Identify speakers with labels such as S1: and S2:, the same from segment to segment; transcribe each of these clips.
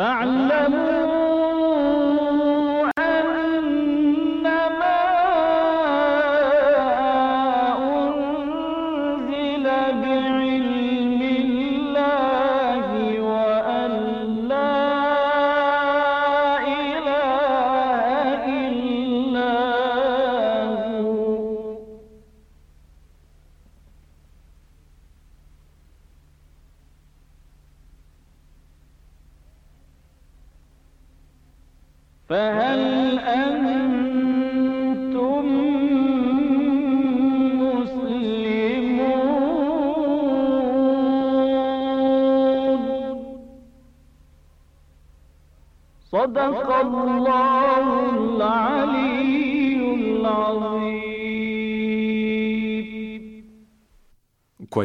S1: فاعلموا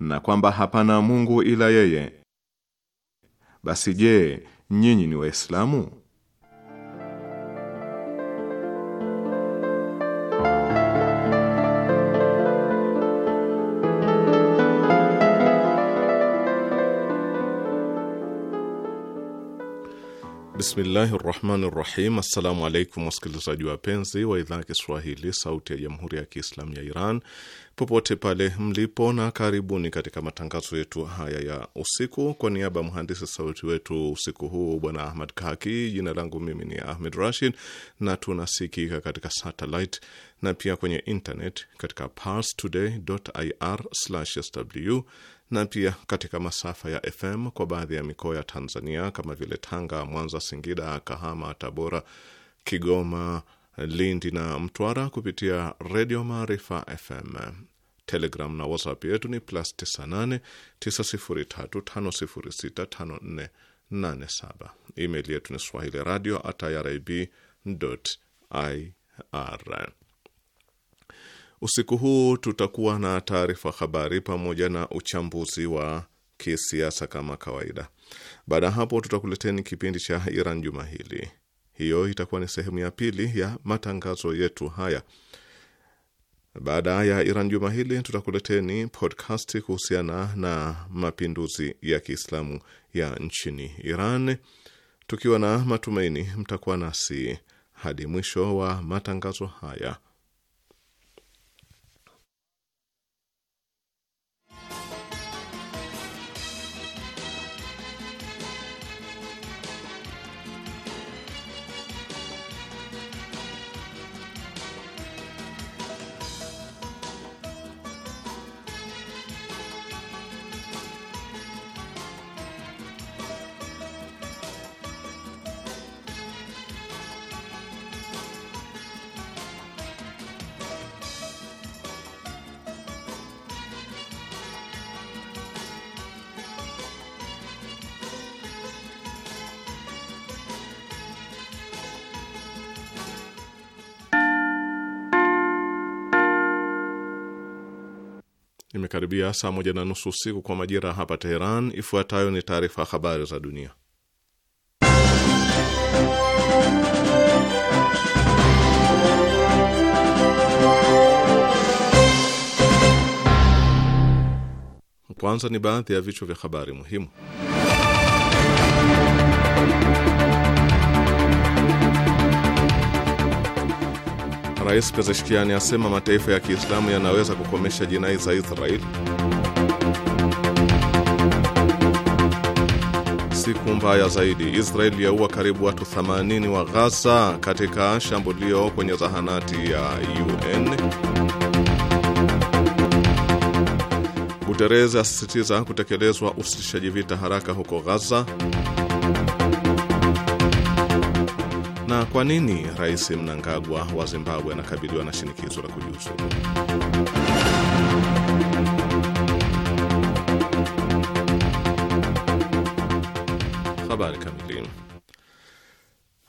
S2: na kwamba hapana Mungu ila yeye. Basi je, nyinyi ni Waislamu? Bismillahi rahmani rahim. Assalamu alaikum wasikilizaji wapenzi wa idhaa ya Kiswahili sauti ya jamhuri ya Kiislamu ya Iran popote pale mlipo, na karibuni katika matangazo yetu haya ya usiku. Kwa niaba ya mhandisi sauti wetu usiku huu bwana Ahmad Kaki, jina langu mimi ni Ahmed Rashid, na tunasikika katika satellite na pia kwenye internet katika parstoday.ir/sw na pia katika masafa ya FM kwa baadhi ya mikoa ya Tanzania kama vile Tanga, Mwanza, Singida, Kahama, Tabora, Kigoma, Lindi na Mtwara kupitia Redio Maarifa FM. Telegram na WhatsApp yetu ni plus 98 9035065487. Email yetu ni swahili radio at irib ir Usiku huu tutakuwa na taarifa habari pamoja na uchambuzi wa kisiasa kama kawaida. Baada ya hapo, tutakuleteni kipindi cha Iran juma hili. Hiyo itakuwa ni sehemu ya pili ya matangazo yetu haya. Baada ya Iran juma hili, tutakuleteni podcast kuhusiana na mapinduzi ya Kiislamu ya nchini Iran, tukiwa na matumaini mtakuwa nasi hadi mwisho wa matangazo haya. Imekaribia saa moja na nusu usiku kwa majira ya hapa Teheran. Ifuatayo ni taarifa ya habari za dunia. Kwanza ni baadhi ya vichwa vya habari muhimu. Rais Pezeshkiani asema mataifa ya Kiislamu yanaweza kukomesha jinai za Israel. Siku mbaya zaidi, Israel yaua karibu watu 80 wa Gaza katika shambulio kwenye zahanati ya UN. Guterres asisitiza kutekelezwa usitishaji vita haraka huko Gaza. na kwa nini Rais Mnangagwa wa Zimbabwe anakabiliwa na shinikizo la kujiuzulu. Habari kamili.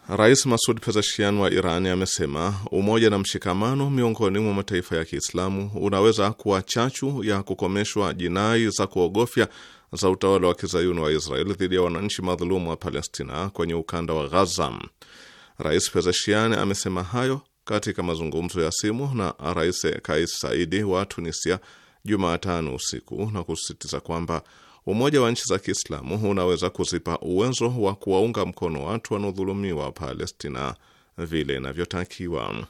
S2: Rais Masud Pezeshkian wa Iran amesema umoja na mshikamano miongoni mwa mataifa ya Kiislamu unaweza kuwa chachu ya kukomeshwa jinai za kuogofya za utawala wa kizayuni wa Israel dhidi ya wananchi madhulumu wa Palestina kwenye ukanda wa Ghaza. Rais Pezeshian amesema hayo katika mazungumzo ya simu na Rais Kais Saidi wa Tunisia Jumatano usiku na kusisitiza kwamba umoja wa nchi za Kiislamu unaweza kuzipa uwezo wa kuwaunga mkono watu wanaodhulumiwa Palestina vile inavyotakiwa.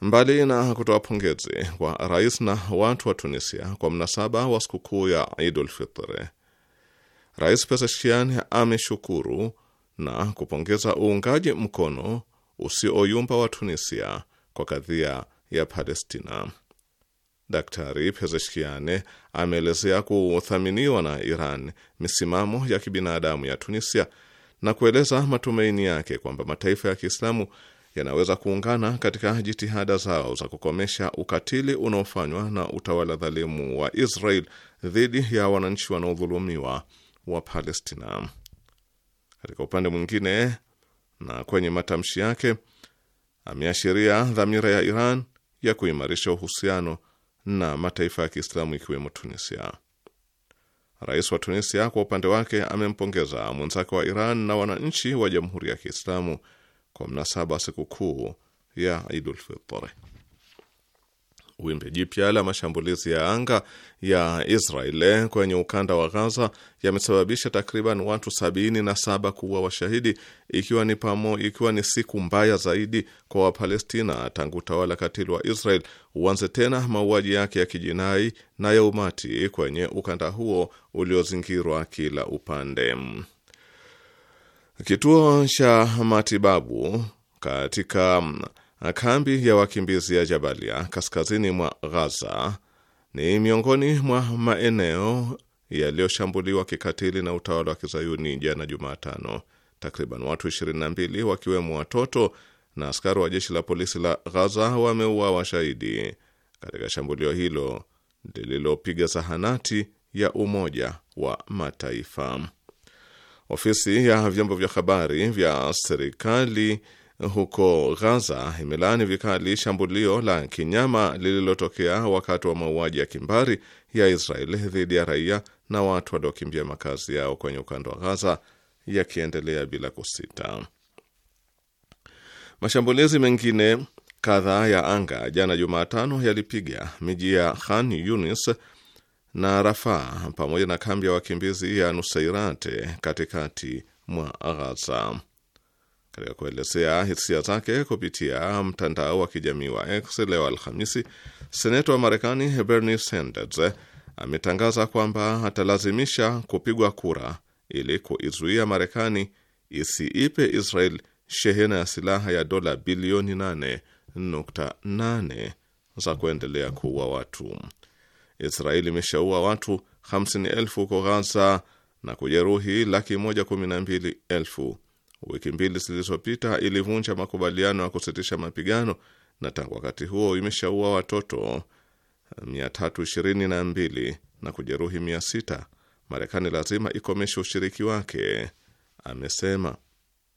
S2: Mbali na kutoa pongezi kwa rais na watu wa Tunisia kwa mnasaba wa sikukuu ya Idul Fitri, Rais Pezeshkian ameshukuru na kupongeza uungaji mkono usioyumba wa Tunisia kwa kadhia ya Palestina. Daktari Pezeshkiane ameelezea kuthaminiwa na Iran misimamo ya kibinadamu ya Tunisia na kueleza matumaini yake kwamba mataifa ya Kiislamu yanaweza kuungana katika jitihada zao za kukomesha ukatili unaofanywa na utawala dhalimu wa Israel dhidi ya wananchi wanaodhulumiwa wa Palestina. Katika upande mwingine, na kwenye matamshi yake, ameashiria dhamira ya Iran ya kuimarisha uhusiano na mataifa ya Kiislamu ikiwemo Tunisia. Rais wa Tunisia kwa upande wake amempongeza mwenzake wa Iran na wananchi wa Jamhuri ya Kiislamu kwa mnasaba sikukuu ya Idul Fitr. Wimbi jipya la mashambulizi ya anga ya Israel kwenye ukanda wa Gaza yamesababisha takriban watu sabini na saba kuwa washahidi ikiwa ni pamo, ikiwa ni siku mbaya zaidi kwa Wapalestina tangu utawala katili wa Israel uanze tena mauaji yake ya kijinai na ya umati kwenye ukanda huo uliozingirwa kila upande. Kituo cha matibabu katika Kambi ya wakimbizi ya Jabalia kaskazini mwa Ghaza ni miongoni mwa maeneo yaliyoshambuliwa kikatili na utawala wa kizayuni jana Jumatano. Takriban watu 22 wakiwemo watoto na askari wa jeshi la polisi la Ghaza wameua shahidi katika shambulio hilo lililopiga zahanati ya Umoja wa Mataifa. Ofisi ya vyombo vya habari vya serikali huko Gaza imelaani vikali shambulio la kinyama lililotokea wakati wa mauaji ya kimbari ya israel dhidi ya raia na watu waliokimbia makazi yao kwenye ukanda wa Gaza yakiendelea bila kusita. Mashambulizi mengine kadhaa ya anga jana Jumatano yalipiga miji ya Khan Yunis na Rafaa pamoja na kambi ya wakimbizi ya nuseirate katikati mwa ghaza katika kuelezea hisia zake kupitia mtandao wa kijamii wa X leo Alhamisi, seneta wa Marekani Bernie Sanders ametangaza kwamba atalazimisha kupigwa kura ili kuizuia Marekani isiipe Israel shehena ya silaha ya dola bilioni 8.8 za kuendelea kuua watu. Israel imeshaua watu 50,000 huko Ghaza na kujeruhi laki moja kumi na mbili elfu wiki mbili zilizopita ilivunja makubaliano ya kusitisha mapigano na tangu wakati huo imeshaua watoto 322 na kujeruhi 600. Marekani lazima ikomeshe ushiriki wake, amesema.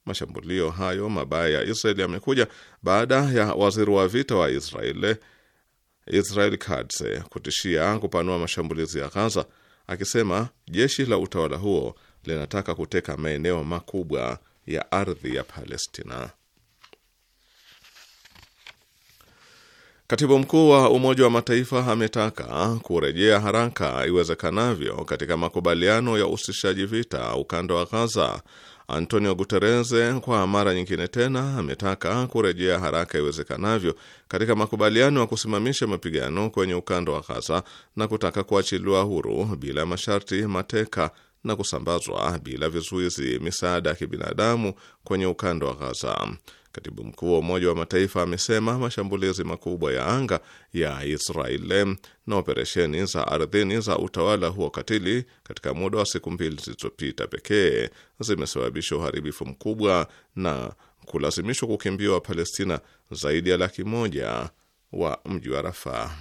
S2: Mashambulio hayo mabaya ya Israel yamekuja baada ya waziri wa vita wa Israel Israel Katz kutishia kupanua mashambulizi ya Gaza, akisema jeshi la utawala huo linataka kuteka maeneo makubwa ya ardhi ya Palestina. Katibu mkuu wa Umoja wa Mataifa ametaka kurejea haraka iwezekanavyo katika makubaliano ya usishaji vita ukanda wa Ghaza. Antonio Guterres kwa mara nyingine tena ametaka kurejea haraka iwezekanavyo katika makubaliano ya kusimamisha mapigano kwenye ukanda wa Ghaza na kutaka kuachiliwa huru bila masharti mateka na kusambazwa bila vizuizi misaada ya kibinadamu kwenye ukanda wa Ghaza. Katibu mkuu wa Umoja wa Mataifa amesema mashambulizi makubwa ya anga ya Israeli na operesheni za ardhini za utawala huo katili katika muda wa siku mbili zilizopita pekee zimesababisha uharibifu mkubwa na kulazimishwa kukimbia Wapalestina zaidi ya laki moja wa mji wa Rafah.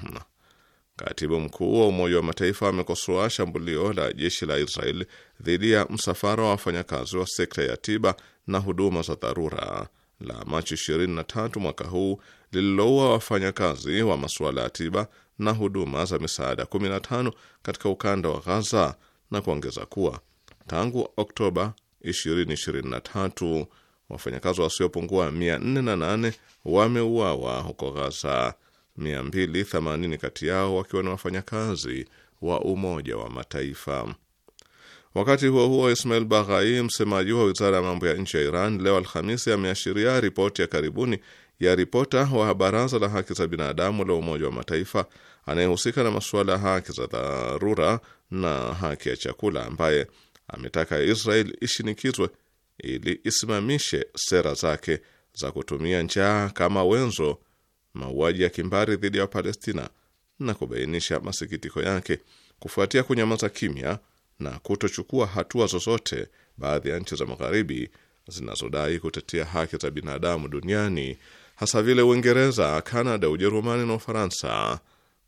S2: Katibu mkuu wa Umoja wa Mataifa amekosoa shambulio la jeshi la Israel dhidi ya msafara wa wafanyakazi wa sekta ya tiba na huduma za dharura la Machi 23 mwaka huu lililoua wafanyakazi wa masuala ya tiba na huduma za misaada 15 katika ukanda wa Ghaza na kuongeza kuwa tangu Oktoba 2023 wafanyakazi wasiopungua 408 wameuawa huko Ghaza 280 kati yao wakiwa ni wafanyakazi wa Umoja wa Mataifa. Wakati huo huo, Ismail Baghai, msemaji wa wizara ya mambo ya nje ya Iran, leo Alhamisi, ameashiria ripoti ya karibuni ya ripota wa Baraza la Haki za Binadamu la Umoja wa Mataifa anayehusika na masuala ya haki za dharura na haki ya chakula, ambaye ametaka Israel ishinikizwe ili isimamishe sera zake za kutumia njaa kama wenzo mauaji ya kimbari dhidi ya Wapalestina na kubainisha masikitiko yake kufuatia kunyamaza kimya na kutochukua hatua zozote baadhi ya nchi za Magharibi zinazodai kutetea haki za binadamu duniani hasa vile Uingereza, Kanada, Ujerumani na Ufaransa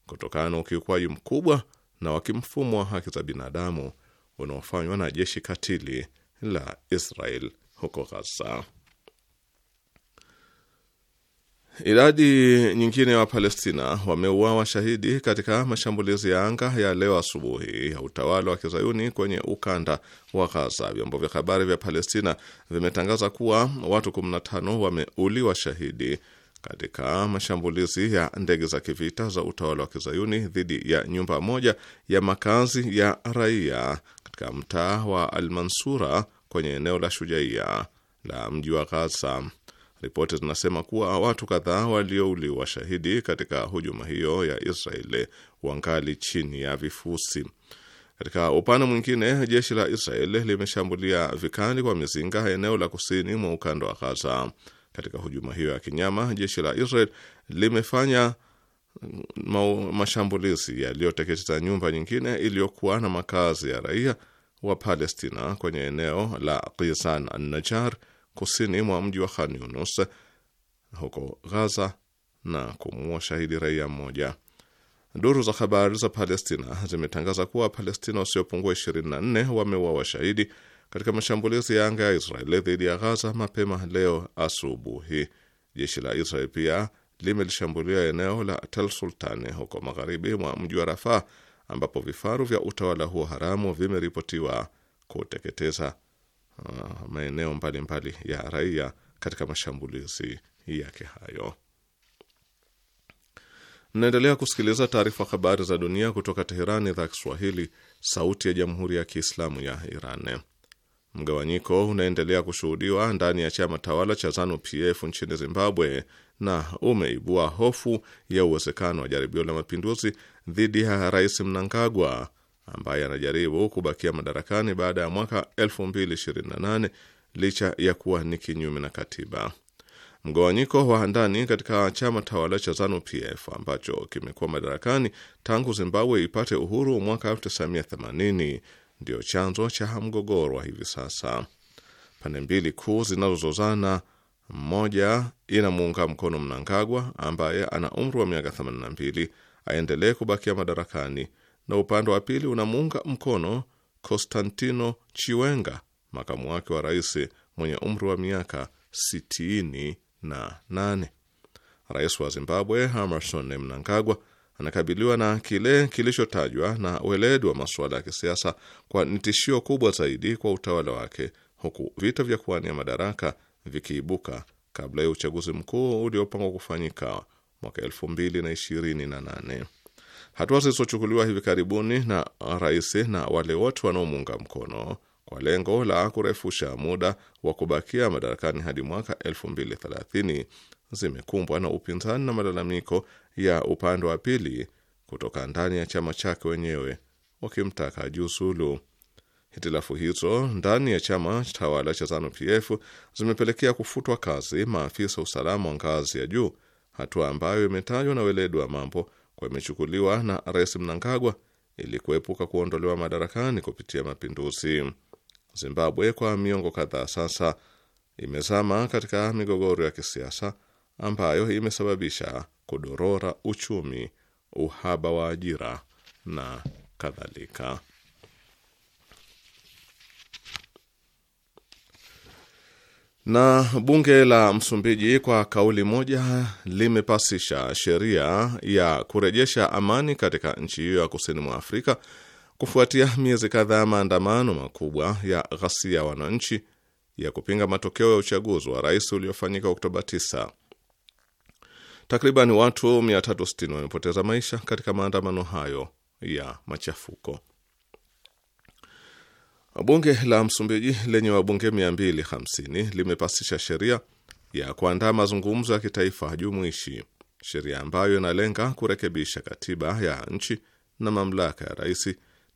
S2: kutokana na ukiukwaji mkubwa na wa kimfumo wa haki za binadamu unaofanywa na jeshi katili la Israel huko Gaza. Idadi nyingine wa Palestina wameuawa shahidi katika mashambulizi ya anga ya leo asubuhi ya utawala wa kizayuni kwenye ukanda wa Ghaza. Vyombo vya habari vya Palestina vimetangaza kuwa watu 15 wameuliwa shahidi katika mashambulizi ya ndege za kivita za utawala wa kizayuni dhidi ya nyumba moja ya makazi ya raia katika mtaa wa Almansura kwenye eneo la Shujaia la mji wa Ghaza. Ripoti zinasema kuwa watu kadhaa waliouliwa shahidi katika hujuma hiyo ya Israeli wangali chini ya vifusi. Katika upande mwingine, jeshi la Israeli limeshambulia vikali kwa mizinga eneo la kusini mwa ukanda wa Gaza. Katika hujuma hiyo ya kinyama, jeshi la Israel limefanya mashambulizi yaliyoteketeza nyumba nyingine iliyokuwa na makazi ya raia wa Palestina kwenye eneo la Kisan Najar kusini mwa mji wa Khan Yunus huko Ghaza na kumuua shahidi raia mmoja. Duru za habari za Palestina zimetangaza kuwa Wapalestina wasiopungua 24 wameua shahidi katika mashambulizi ya anga ya Israeli dhidi ya Ghaza mapema leo asubuhi. Jeshi la Israel pia limelishambulia eneo la Tel Sultani huko magharibi mwa mji wa Rafaa ambapo vifaru vya utawala huo haramu vimeripotiwa kuteketeza Uh, maeneo mbalimbali ya raia katika mashambulizi yake hayo. Mnaendelea kusikiliza taarifa habari za dunia kutoka Teherani, idhaa Kiswahili, sauti ya jamhuri ya kiislamu ya Iran. Mgawanyiko unaendelea kushuhudiwa ndani ya chama tawala cha Zanu PF nchini Zimbabwe na umeibua hofu ya uwezekano wa jaribio la mapinduzi dhidi ya rais Mnangagwa ambaye anajaribu kubakia madarakani baada ya mwaka 2028 licha ya kuwa ni kinyume na katiba. Mgawanyiko wa ndani katika chama tawala cha Zanu PF ambacho kimekuwa madarakani tangu Zimbabwe ipate uhuru mwaka 1980 ndiyo chanzo cha mgogoro wa hivi sasa. Pande mbili kuu zinazozozana, mmoja inamuunga mkono Mnangagwa ambaye ana umri wa miaka 82 aendelee kubakia madarakani na upande wa pili unamuunga mkono Konstantino Chiwenga, makamu wake wa rais mwenye umri wa miaka sitini na nane. Rais wa Zimbabwe Emmerson Mnangagwa anakabiliwa na kile kilichotajwa na weledi wa masuala ya kisiasa kwa ni tishio kubwa zaidi kwa utawala wake, huku vita vya kuwania madaraka vikiibuka kabla ya uchaguzi mkuu uliopangwa kufanyika mwaka elfu mbili na ishirini na nane. Hatua zilizochukuliwa hivi karibuni na rais na wale wote wanaomuunga mkono kwa lengo la kurefusha muda wa kubakia madarakani hadi mwaka 2030 zimekumbwa na upinzani na malalamiko ya upande wa pili kutoka ndani ya chama chake wenyewe wakimtaka ajiuzulu. Hitilafu hizo ndani ya chama tawala cha ZANU-PF zimepelekea kufutwa kazi maafisa usalama wa ngazi ya juu, hatua ambayo imetajwa na weledi wa mambo wamechukuliwa na Rais Mnangagwa ili kuepuka kuondolewa madarakani kupitia mapinduzi. Zimbabwe kwa miongo kadhaa sasa imezama katika migogoro ya kisiasa ambayo imesababisha kudorora uchumi, uhaba wa ajira na kadhalika. Na bunge la Msumbiji kwa kauli moja limepasisha sheria ya kurejesha amani katika nchi hiyo ya kusini mwa Afrika kufuatia miezi kadhaa ya maandamano makubwa ya ghasia ya wananchi ya kupinga matokeo ya uchaguzi wa rais uliofanyika Oktoba 9. Takriban watu 360 wamepoteza maisha katika maandamano hayo ya machafuko. Bunge la Msumbiji lenye wabunge 250 limepasisha sheria ya kuandaa mazungumzo ya kitaifa jumuishi, sheria ambayo inalenga kurekebisha katiba ya nchi na mamlaka ya rais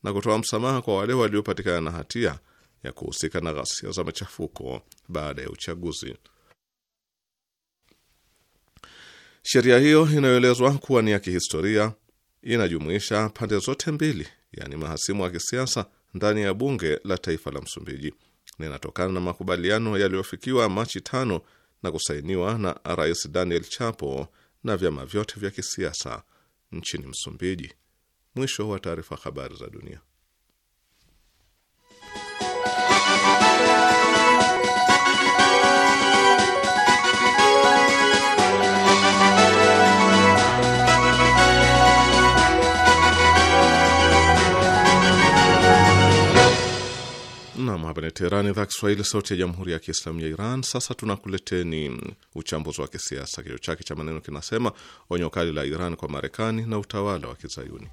S2: na kutoa msamaha kwa wale waliopatikana na hatia ya kuhusika na ghasia za machafuko baada ya uchaguzi. Sheria hiyo inayoelezwa kuwa ni ya kihistoria inajumuisha pande zote mbili, yaani mahasimu wa kisiasa ndani ya bunge la taifa la Msumbiji. Linatokana na makubaliano yaliyofikiwa Machi tano na kusainiwa na Rais Daniel Chapo na vyama vyote vya kisiasa nchini Msumbiji. Mwisho wa taarifa. Habari za dunia. Nam, hapa ni Teherani, idhaa Kiswahili, sauti ya jamhuri ya kiislamu ya Iran. Sasa tunakuleteni uchambuzi wa kisiasa, kichwa chake cha maneno kinasema onyo kali la Iran kwa Marekani na utawala wa Kizayuni.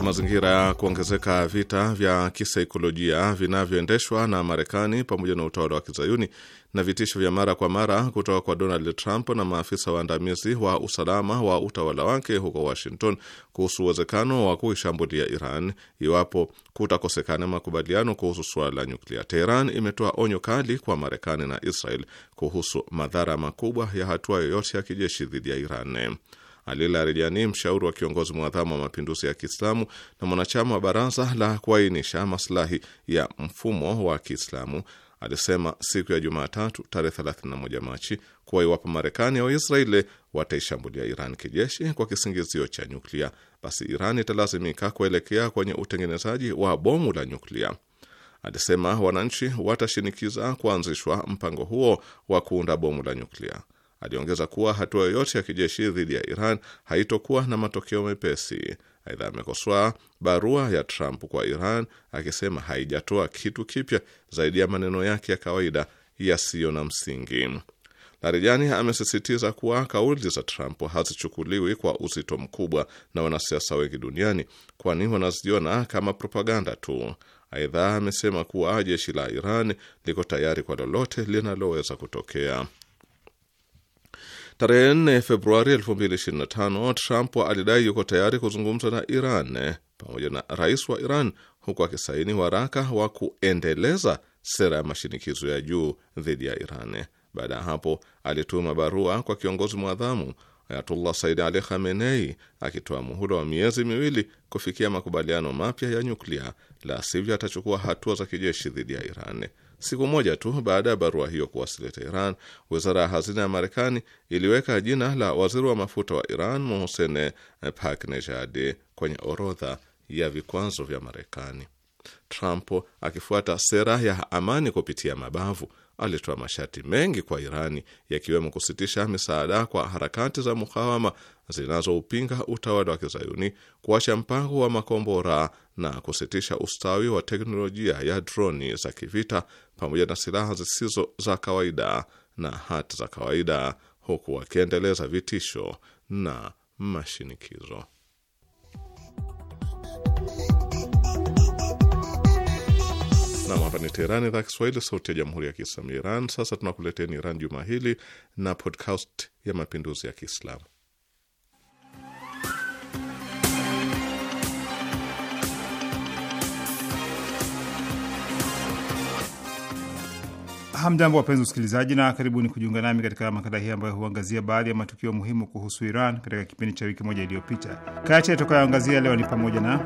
S2: katika mazingira ya kuongezeka vita vya kisaikolojia vinavyoendeshwa na Marekani pamoja na utawala wa kizayuni na vitisho vya mara kwa mara kutoka kwa Donald Trump na maafisa waandamizi wa usalama wa utawala wake huko Washington kuhusu uwezekano wa kuishambulia Iran iwapo kutakosekana makubaliano kuhusu suala la nyuklia, Teheran imetoa onyo kali kwa Marekani na Israel kuhusu madhara makubwa ya hatua yoyote ya kijeshi dhidi ya Iran alila Rejani, mshauri wa kiongozi mwadhamu wa mapinduzi ya Kiislamu na mwanachama wa baraza la kuainisha maslahi ya mfumo wa Kiislamu, alisema siku ya Jumatatu tarehe 31 Machi kuwa iwapo Marekani au Israeli wataishambulia Iran kijeshi kwa kisingizio cha nyuklia, basi Iran italazimika kuelekea kwenye utengenezaji wa bomu la nyuklia. Alisema wananchi watashinikiza kuanzishwa mpango huo wa kuunda bomu la nyuklia. Aliongeza kuwa hatua yoyote ya kijeshi dhidi ya Iran haitokuwa na matokeo mepesi. Aidha, amekosoa barua ya Trump kwa Iran akisema haijatoa kitu kipya zaidi ya maneno yake ya kawaida yasiyo na msingi. Larijani amesisitiza kuwa kauli za Trump hazichukuliwi kwa uzito mkubwa na wanasiasa wengi duniani, kwani wanaziona kama propaganda tu. Aidha, amesema kuwa jeshi la Iran liko tayari kwa lolote linaloweza kutokea. Tarehe 4 Februari 2025 Trump alidai yuko tayari kuzungumza na Iran pamoja na rais wa Iran, huku akisaini waraka wa kuendeleza sera ya mashinikizo ya juu dhidi ya Iran. Baada ya hapo, alituma barua kwa kiongozi mwadhamu Ayatullah Said Ali Khamenei akitoa muhula wa miezi miwili kufikia makubaliano mapya ya nyuklia, la sivyo atachukua hatua za kijeshi dhidi ya Iran. Siku moja tu baada ya barua hiyo kuwasili Teheran, wizara ya hazina ya Marekani iliweka jina la waziri wa mafuta wa Iran Mohsen Paknejad kwenye orodha ya vikwazo vya Marekani, Trump akifuata sera ya amani kupitia mabavu alitoa masharti mengi kwa Irani yakiwemo kusitisha misaada kwa harakati za mukawama zinazoupinga utawala wa Kizayuni, kuacha mpango wa makombora na kusitisha ustawi wa teknolojia ya droni za kivita pamoja na silaha zisizo za kawaida na hati za kawaida, huku wakiendeleza vitisho na mashinikizo. Nam, hapa ni Teherani, idhaa Kiswahili, sauti ya jamhuri ya kiislamu ya Iran. Sasa tunakuleteni Iran juma hili na podcast ya mapinduzi ya Kiislamu.
S3: Hamjambo, wapenzi usikilizaji, na karibuni kujiunga nami katika makala hii ambayo huangazia baadhi ya matukio muhimu kuhusu Iran katika kipindi cha wiki moja iliyopita. Kati yatokayoangazia leo ni pamoja na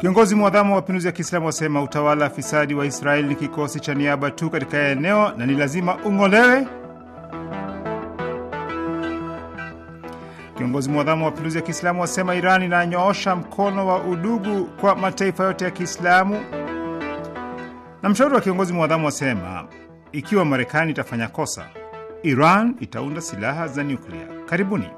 S3: Kiongozi mwadhamu wa mapinduzi ya Kiislamu wasema utawala fisadi wa Israeli ni kikosi cha niaba tu katika eneo na ni lazima ung'olewe. Kiongozi mwadhamu wa mapinduzi ya Kiislamu wasema Iran inanyoosha mkono wa udugu kwa mataifa yote ya Kiislamu. Na mshauri wa kiongozi mwadhamu wasema ikiwa Marekani itafanya kosa, Iran itaunda silaha za nyuklia. Karibuni.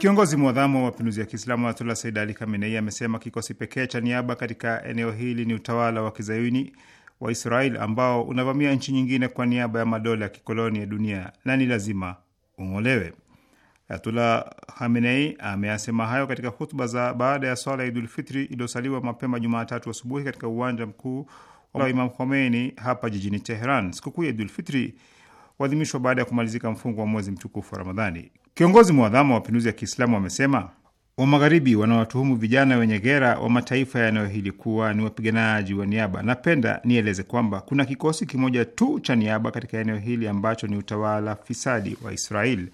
S3: Kiongozi mwadhamu wa mapinduzi ya Kiislamu Ayatullah Said Ali Khamenei amesema kikosi pekee cha niaba katika eneo hili ni utawala wa kizayuni wa Israel ambao unavamia nchi nyingine kwa niaba ya madola ya kikoloni ya dunia na ni lazima ung'olewe. Ayatullah Khamenei ameyasema hayo katika hutuba za baada ya swala ya Idulfitri iliyosaliwa mapema Jumatatu asubuhi katika uwanja mkuu wa Imam Khomeini hapa jijini Teheran. Sikukuu ya Idulfitri kuadhimishwa baada ya kumalizika mfungo wa mwezi mtukufu wa Ramadhani. Kiongozi mwadhamu wa mapinduzi ya Kiislamu wamesema wa Magharibi wanawatuhumu vijana wenye gera wa mataifa hili kuwa ni wapiganaji wa niaba. Napenda nieleze kwamba kuna kikosi kimoja tu cha niaba katika eneo hili ambacho ni utawala fisadi wa Israel.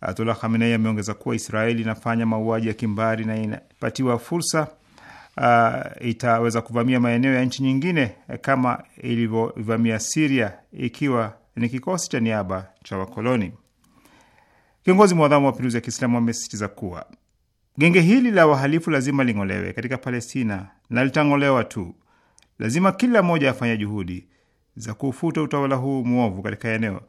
S3: Ayatullah Khamenei ameongeza kuwa Israel inafanya mauaji ya kimbari na inapatiwa fursa uh, itaweza kuvamia maeneo ya nchi nyingine kama ilivyovamia Siria ikiwa ni kikosi cha niaba cha wakoloni. Kiongozi mwadhamu wa mapinduzi ya Kiislamu amesisitiza kuwa genge hili la wahalifu lazima ling'olewe katika Palestina na litang'olewa tu, lazima kila mmoja afanye juhudi za kuufuta utawala huu mwovu katika eneo.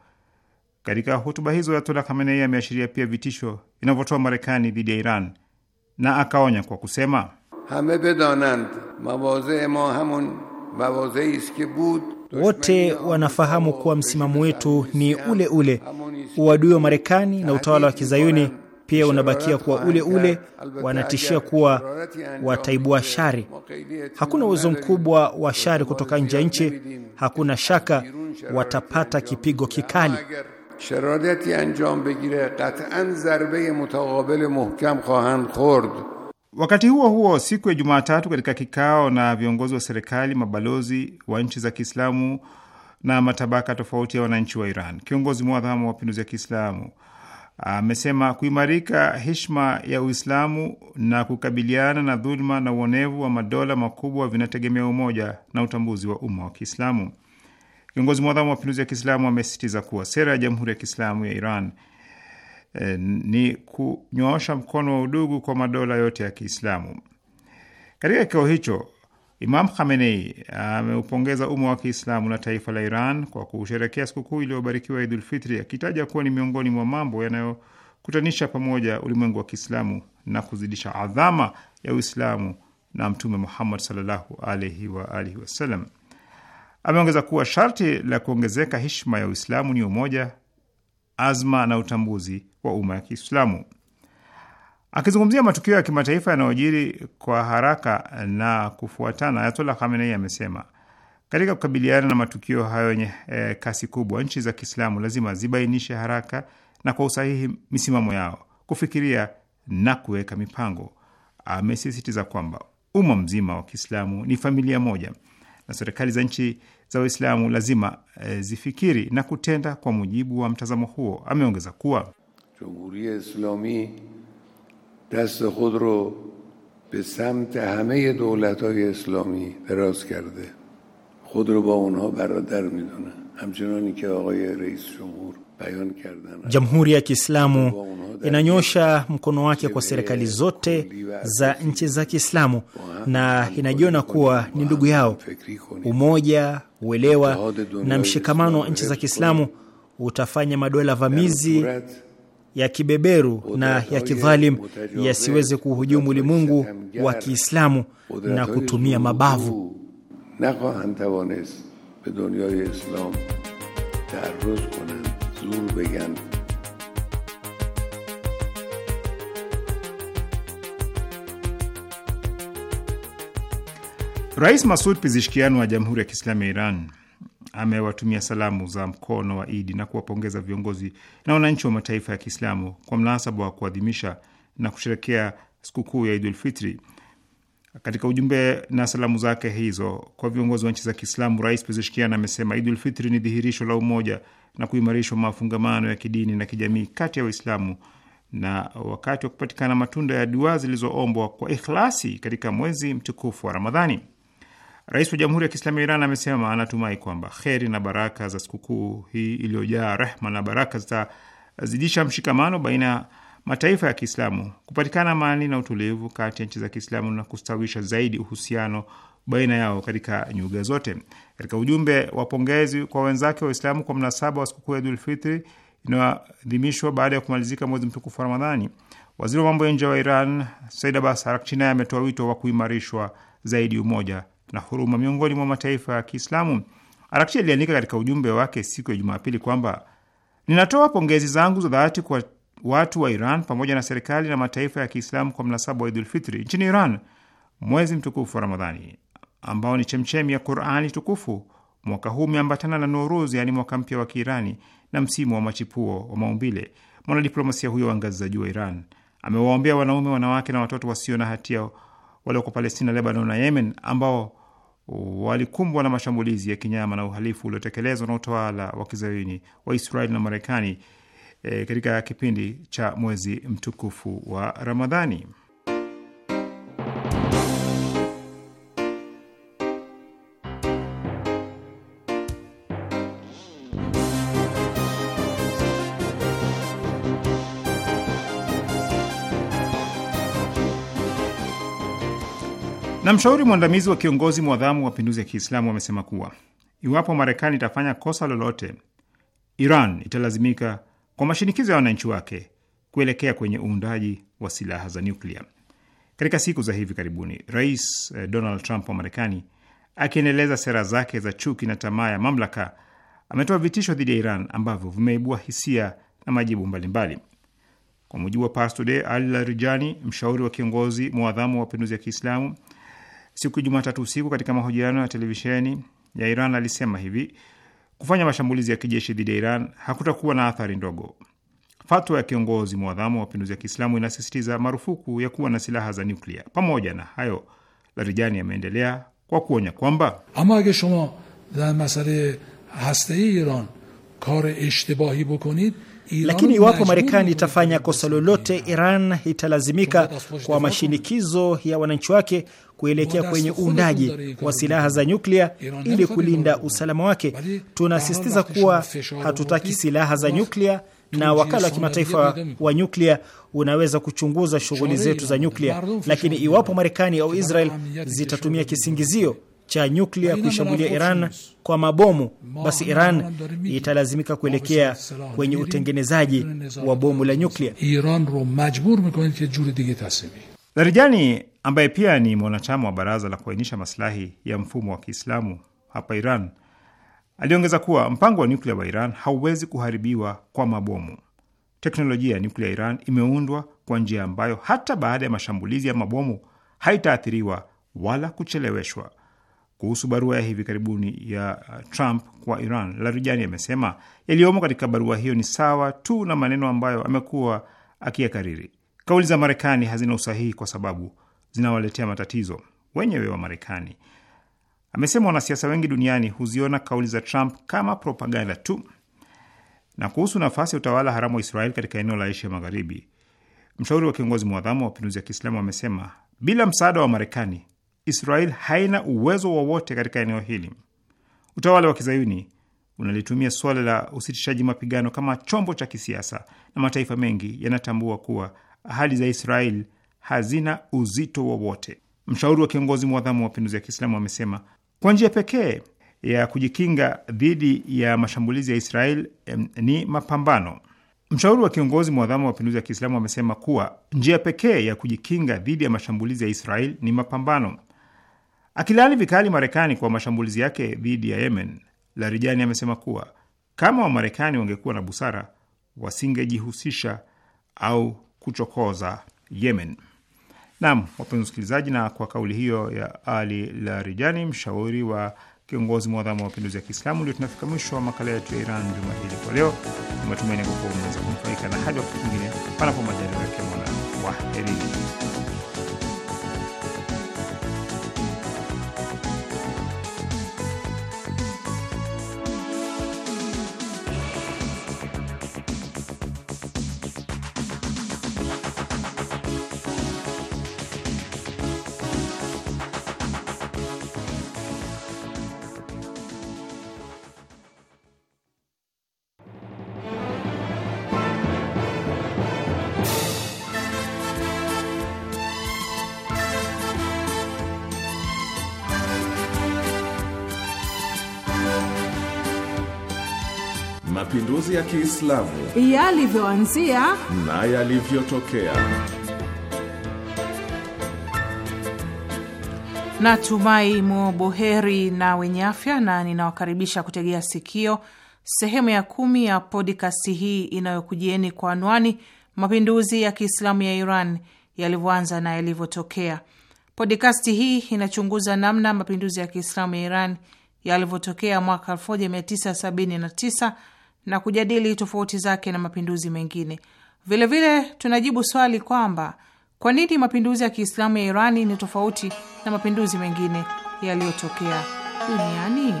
S3: Katika hotuba hizo, Ayatollah Khamenei ameashiria pia vitisho vinavyotoa Marekani dhidi ya Iran na akaonya kwa kusema
S2: hame bedanand ma hamun mawazee ke bud
S4: wote wanafahamu kuwa msimamo wetu ni ule ule. Uadui wa Marekani na utawala wa kizayuni pia unabakia kuwa ule ule. Wanatishia kuwa wataibua shari. Hakuna uwezo mkubwa wa shari kutoka nje ya nchi. Hakuna shaka watapata kipigo kikali.
S3: anjom begire
S4: qatan zarbe mutaqabil muhkam khahand Wakati
S3: huo huo, siku ya Jumatatu, katika kikao na viongozi wa serikali, mabalozi wa nchi za Kiislamu na matabaka tofauti ya wananchi wa Iran, kiongozi mwadhamu wa mapinduzi ya Kiislamu amesema kuimarika heshima ya Uislamu na kukabiliana na dhuluma na uonevu wa madola makubwa vinategemea umoja na utambuzi wa umma wa Kiislamu. Kiongozi mwadhamu wa mapinduzi ya Kiislamu amesisitiza kuwa sera ya Jamhuri ya Kiislamu ya Iran Eh, ni kunyoosha mkono wa udugu kwa madola yote ya Kiislamu. Katika kikao hicho Imam Khamenei eh, ameupongeza umma wa Kiislamu na taifa la Iran kwa kusherekea sikukuu iliyobarikiwa idulfitri akitaja kuwa ni miongoni mwa mambo yanayokutanisha pamoja ulimwengu wa Kiislamu na kuzidisha adhama ya Uislamu na Mtume Muhammad sallallahu alaihi wa alihi wasallam. Ameongeza kuwa sharti la kuongezeka heshima ya Uislamu ni umoja, azma na utambuzi wa umma ya Kiislamu. Akizungumzia matukio ya kimataifa yanayojiri kwa haraka na kufuatana, Ayatollah Khamenei amesema katika kukabiliana na matukio hayo yenye e, kasi kubwa, nchi za Kiislamu lazima zibainishe haraka na kwa usahihi misimamo yao, kufikiria na kuweka mipango. Amesisitiza kwamba umma mzima wa Kiislamu ni familia moja na serikali za nchi za Waislamu lazima e, zifikiri na kutenda kwa mujibu wa mtazamo huo. Ameongeza kuwa
S2: جمهوری اسلامی دست خود رو به سمت
S1: همه دولت های اسلامی دراز کرده خود رو با اونها برادر میدونه همچنانی که آقای رئیس جمهور بیان کردن
S4: جمهوری ya Kiislamu inanyosha mkono wake kwa serikali zote za nchi za Kiislamu na inajiona kuwa ni ndugu yao. Umoja, uelewa na mshikamano wa nchi za Kiislamu utafanya madola vamizi ya kibeberu na ya kidhalim yasiweze kuhujumu ulimwengu wa Kiislamu na kutumia mabavu.
S3: Rais Masud Pizishkianu wa Jamhuri ya Kiislamu ya Iran amewatumia salamu za mkono wa Idi na kuwapongeza viongozi na wananchi wa mataifa ya Kiislamu kwa mnasaba wa kuadhimisha na kusherekea sikukuu ya Idul Katika ujumbe na salamu zake hizo kwa viongozi wa nchi za Kiislamu, Rais Pezeshkian amesema Idul Fitri ni dhihirisho la umoja na kuimarishwa mafungamano ya kidini na kijamii kati ya Waislamu na wakati wa kupatikana matunda ya dua zilizoombwa kwa ikhlasi katika mwezi mtukufu wa Ramadhani. Rais wa Jamhuri ya Kiislamu ya Iran amesema anatumai kwamba kheri na baraka za sikukuu hii iliyojaa rehma na baraka zitazidisha mshikamano baina ya mataifa ya Kiislamu, kupatikana amani na utulivu kati ya nchi za Kiislamu na kustawisha zaidi uhusiano baina yao katika nyuga zote. Katika ujumbe wa pongezi kwa wenzake Waislamu kwa mnasaba wa sikukuu ya Idulfitri inayoadhimishwa baada ya kumalizika mwezi mtukufu wa Ramadhani, waziri wa mambo ya nje wa Iran Said Abbas Arakchinai ametoa wito wa kuimarishwa zaidi umoja na huruma miongoni mwa mataifa ya Kiislamu. Arakchi aliandika katika ujumbe wake siku ya Jumapili kwamba ninatoa pongezi zangu za dhati kwa watu wa Iran pamoja na serikali na mataifa ya Kiislamu kwa mnasaba wa Idulfitri nchini Iran, mwezi mtukufu wa Ramadhani ambao ni chemchemi ya Qurani tukufu. Mwaka huu umeambatana na Noruz, yaani mwaka mpya wa Kiirani na msimu wa machipuo wa maumbile. Mwanadiplomasia huyo wa ngazi za juu wa Iran amewaombea wanaume, wanawake na watoto wasio na hatia walioko Palestina, Lebanon na Yemen ambao walikumbwa na mashambulizi ya kinyama na uhalifu uliotekelezwa na utawala wa kizayuni wa Israeli na Marekani e, katika kipindi cha mwezi mtukufu wa Ramadhani. na mshauri mwandamizi wa kiongozi mwadhamu wa mapinduzi ya Kiislamu amesema kuwa iwapo Marekani itafanya kosa lolote, Iran italazimika kwa mashinikizo ya wananchi wake kuelekea kwenye uundaji wa silaha za nyuklia. Katika siku za hivi karibuni, Rais eh, Donald Trump wa Marekani akiendeleza sera zake za chuki na tamaa ya mamlaka ametoa vitisho dhidi ya Iran ambavyo vimeibua hisia na majibu mbalimbali. Kwa mujibu wa Pars Today, Ali Larijani, mshauri wa kiongozi mwadhamu wa mapinduzi ya Kiislamu, siku ya Jumatatu usiku katika mahojiano ya televisheni ya Iran alisema hivi: kufanya mashambulizi ya kijeshi dhidi ya Iran hakutakuwa na athari ndogo. Fatwa ya kiongozi mwadhamu wa mapinduzi ya Kiislamu inasisitiza marufuku ya kuwa na silaha za nuklia Pamoja na hayo, Larijani ameendelea kwa kuonya kwamba ama age shoma
S1: dar masale
S4: hastei Iran kar ishtibahi bokonid lakini iwapo Marekani itafanya kosa lolote, Iran italazimika kwa mashinikizo ya wananchi wake kuelekea kwenye uundaji wa silaha za nyuklia ili kulinda usalama wake. Tunasisitiza kuwa hatutaki silaha za nyuklia na wakala wa kimataifa wa nyuklia unaweza kuchunguza shughuli zetu za nyuklia, lakini iwapo Marekani au Israel zitatumia kisingizio cha nyuklia kuishambulia Iran kwa mabomu, basi Iran italazimika kuelekea kwenye utengenezaji wa bomu la nyuklia.
S3: Larijani ambaye pia ni mwanachama wa baraza la kuainisha masilahi ya mfumo wa Kiislamu hapa Iran aliongeza kuwa mpango wa nyuklia wa Iran hauwezi kuharibiwa kwa mabomu. Teknolojia ya nyuklia ya Iran imeundwa kwa njia ambayo hata baada ya mashambulizi ya mabomu haitaathiriwa wala kucheleweshwa. Kuhusu barua ya hivi karibuni ya uh, Trump kwa Iran, Larijani amesema yaliyomo katika barua hiyo ni sawa tu na maneno ambayo amekuwa akiyakariri. Kauli za Marekani hazina usahihi kwa sababu zinawaletea matatizo wenyewe wa Marekani. Amesema wanasiasa wengi duniani huziona kauli za Trump kama propaganda tu. Na kuhusu nafasi ya utawala haramu wa Israeli katika eneo la Asia Magharibi, mshauri wa kiongozi mwadhamu wa mapinduzi ya Kiislamu amesema bila msaada wa Marekani, Israel haina uwezo wowote katika eneo hili. Utawala wa kizayuni unalitumia suala la usitishaji mapigano kama chombo cha kisiasa, na mataifa mengi yanatambua kuwa ahadi za Israel hazina uzito wowote. Mshauri wa kiongozi mwadhamu wa mapinduzi ya Kiislamu amesema kwa njia pekee ya kujikinga dhidi ya mashambulizi ya Israel em, ni mapambano. Mshauri wa kiongozi mwadhamu wa mapinduzi ya Kiislamu amesema kuwa njia pekee ya kujikinga dhidi ya mashambulizi ya Israel ni mapambano, akilaani vikali Marekani kwa mashambulizi yake dhidi ya Yemen. Larijani amesema kuwa kama Wamarekani wangekuwa na busara wasingejihusisha au kuchokoza Yemen. Naam, wapenzi wasikilizaji, na kwa kauli hiyo ya Ali Larijani, mshauri wa kiongozi mwadhamu wa mapinduzi ya Kiislamu, ndio tunafika mwisho wa makala yetu ya Iran juma hili kwa leo. Matumaini kwa kuwa umeweza kunufaika, na hadi wakati mwingine, panapo majaliwa yake Mola, kwaherini.
S2: mapinduzi ya Kiislamu
S5: yalivyoanzia
S2: na yalivyotokea.
S5: Natumai muboheri na wenye afya, na ninawakaribisha kutegea sikio sehemu ya kumi ya podkasti hii inayokujieni kwa anwani mapinduzi ya Kiislamu ya Iran yalivyoanza na yalivyotokea. Podkasti hii inachunguza namna mapinduzi ya Kiislamu ya Iran yalivyotokea mwaka 1979 na kujadili tofauti zake na mapinduzi mengine. Vilevile vile, tunajibu swali kwamba kwa nini mapinduzi ya Kiislamu ya Irani ni tofauti na mapinduzi mengine yaliyotokea duniani.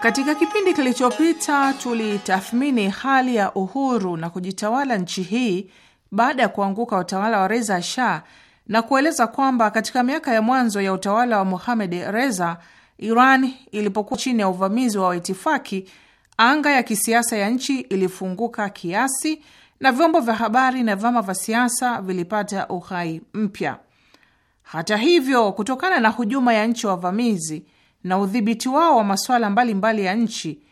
S5: Katika kipindi kilichopita tulitathmini hali ya uhuru na kujitawala nchi hii baada ya kuanguka utawala wa Reza Shah na kueleza kwamba katika miaka ya mwanzo ya utawala wa Mohamed Reza, Iran ilipokuwa chini ya uvamizi wa waitifaki, anga ya kisiasa ya nchi ilifunguka kiasi na vyombo vya habari na vyama vya siasa vilipata uhai mpya. Hata hivyo, kutokana na hujuma ya nchi wavamizi na udhibiti wao wa masuala mbalimbali ya nchi,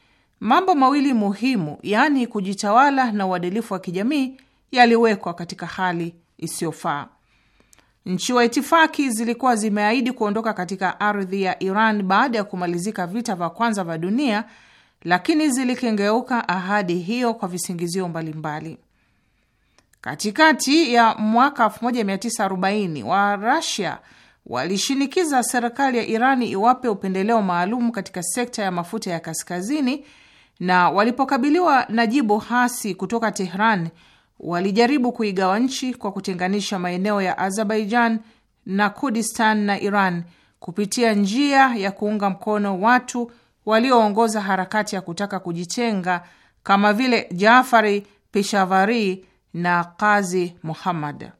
S5: mambo mawili muhimu, yaani kujitawala na uadilifu wa kijamii, yaliwekwa katika hali isiyofaa. Nchi wa itifaki zilikuwa zimeahidi kuondoka katika ardhi ya Iran baada ya kumalizika vita vya kwanza vya dunia, lakini zilikengeuka ahadi hiyo kwa visingizio mbalimbali. Katikati ya mwaka 1940 wa Rasia walishinikiza serikali ya Irani iwape upendeleo maalum katika sekta ya mafuta ya kaskazini, na walipokabiliwa na jibu hasi kutoka Tehran walijaribu kuigawa nchi kwa kutenganisha maeneo ya Azerbaijan na Kurdistan na Iran kupitia njia ya kuunga mkono watu walioongoza harakati ya kutaka kujitenga kama vile Jaafari Pishavari na Qazi Muhammad.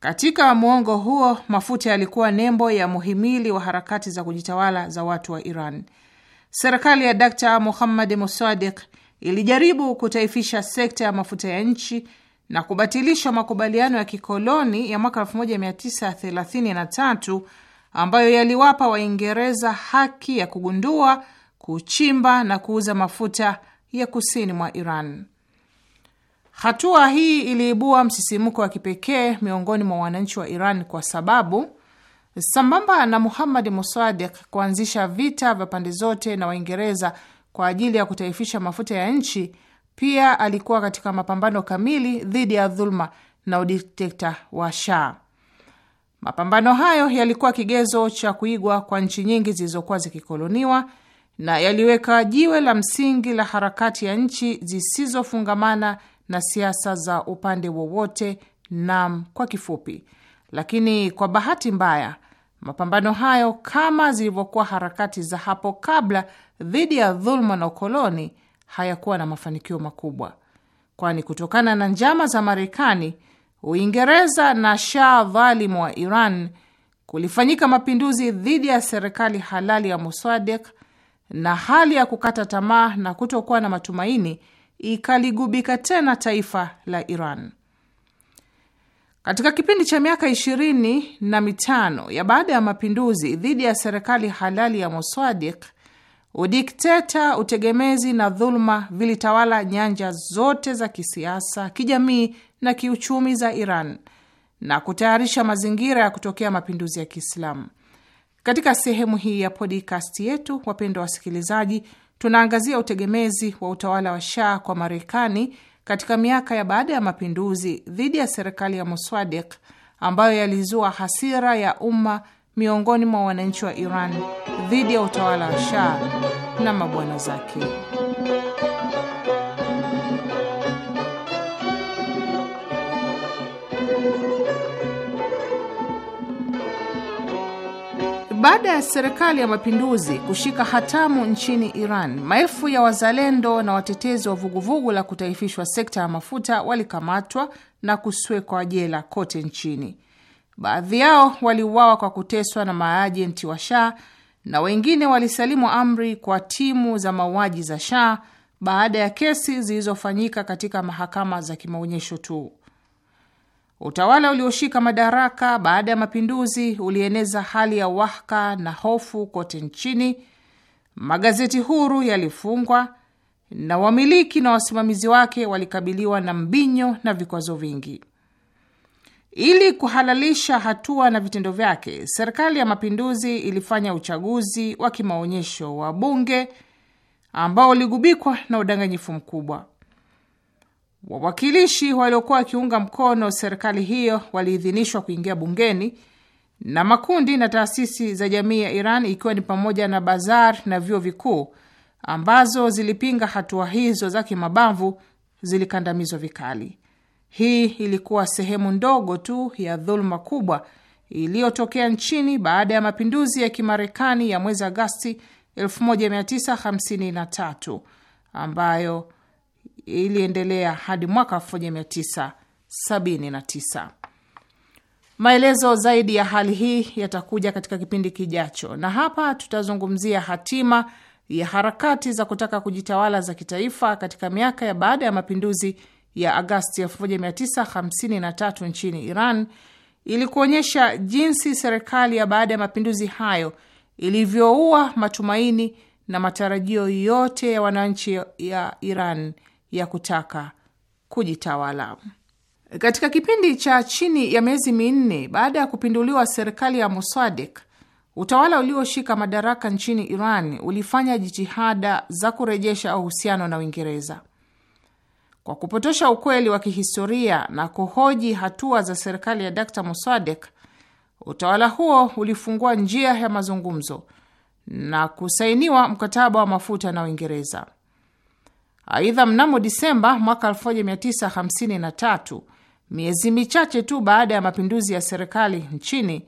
S5: Katika muongo huo, mafuta yalikuwa nembo ya muhimili wa harakati za kujitawala za watu wa Iran. Serikali ya Dkt. Muhammad musadik ilijaribu kutaifisha sekta ya mafuta ya nchi na kubatilisha makubaliano ya kikoloni ya mwaka 1933 ambayo yaliwapa Waingereza haki ya kugundua, kuchimba na kuuza mafuta ya kusini mwa Iran. Hatua hii iliibua msisimko wa kipekee miongoni mwa wananchi wa Iran kwa sababu sambamba na Muhammad musadik kuanzisha vita vya pande zote na Waingereza kwa ajili ya kutaifisha mafuta ya nchi. Pia alikuwa katika mapambano kamili dhidi ya dhuluma na udikteta wa Shah. Mapambano hayo yalikuwa kigezo cha kuigwa kwa nchi nyingi zilizokuwa zikikoloniwa na yaliweka jiwe la msingi la harakati ya nchi zisizofungamana na siasa za upande wowote, NAM kwa kifupi. Lakini kwa bahati mbaya, mapambano hayo, kama zilivyokuwa harakati za hapo kabla dhidi ya dhuluma na ukoloni hayakuwa na mafanikio makubwa, kwani kutokana na njama za Marekani, Uingereza na Shah dhalimu wa Iran kulifanyika mapinduzi dhidi ya serikali halali ya Mosadek na hali ya kukata tamaa na kutokuwa na matumaini ikaligubika tena taifa la Iran. Katika kipindi cha miaka ishirini na mitano ya baada ya mapinduzi dhidi ya serikali halali ya Moswadik, Udikteta, utegemezi na dhuluma vilitawala nyanja zote za kisiasa, kijamii na kiuchumi za Iran na kutayarisha mazingira ya kutokea mapinduzi ya Kiislamu. Katika sehemu hii ya podcast yetu, wapendwa wasikilizaji, tunaangazia utegemezi wa utawala wa Shah kwa Marekani katika miaka ya baada ya mapinduzi dhidi ya serikali ya muswadik ambayo yalizua hasira ya umma miongoni mwa wananchi wa Iran dhidi ya utawala wa Shah na mabwana zake. Baada ya serikali ya mapinduzi kushika hatamu nchini Iran, maelfu ya wazalendo na watetezi wa vuguvugu la kutaifishwa sekta ya mafuta walikamatwa na kuswekwa jela kote nchini. Baadhi yao waliuawa kwa kuteswa na maajenti wa Shah na wengine walisalimu amri kwa timu za mauaji za Shah baada ya kesi zilizofanyika katika mahakama za kimaonyesho tu. Utawala ulioshika madaraka baada ya mapinduzi ulieneza hali ya wahaka na hofu kote nchini. Magazeti huru yalifungwa na wamiliki na wasimamizi wake walikabiliwa na mbinyo na vikwazo vingi. Ili kuhalalisha hatua na vitendo vyake, serikali ya mapinduzi ilifanya uchaguzi wa kimaonyesho wa bunge ambao uligubikwa na udanganyifu mkubwa. Wawakilishi waliokuwa wakiunga mkono serikali hiyo waliidhinishwa kuingia bungeni na makundi na taasisi za jamii ya Iran ikiwa ni pamoja na bazar na vyuo vikuu ambazo zilipinga hatua hizo za kimabavu zilikandamizwa vikali. Hii ilikuwa sehemu ndogo tu ya dhuluma kubwa iliyotokea nchini baada ya mapinduzi ya Kimarekani ya mwezi Agasti 1953 ambayo iliendelea hadi mwaka 1979. Maelezo zaidi ya hali hii yatakuja katika kipindi kijacho, na hapa tutazungumzia hatima ya harakati za kutaka kujitawala za kitaifa katika miaka ya baada ya mapinduzi ya Agasti 1953 nchini Iran ili kuonyesha jinsi serikali ya baada ya mapinduzi hayo ilivyoua matumaini na matarajio yote ya wananchi ya Iran ya kutaka kujitawala. Katika kipindi cha chini ya miezi minne baada ya kupinduliwa serikali ya Mosadek, utawala ulioshika madaraka nchini Iran ulifanya jitihada za kurejesha uhusiano na Uingereza kwa kupotosha ukweli wa kihistoria na kuhoji hatua za serikali ya Dr. mosadek utawala huo ulifungua njia ya mazungumzo na kusainiwa mkataba wa mafuta na Uingereza. Aidha, mnamo Disemba mwaka 1953, miezi michache tu baada ya mapinduzi ya serikali nchini,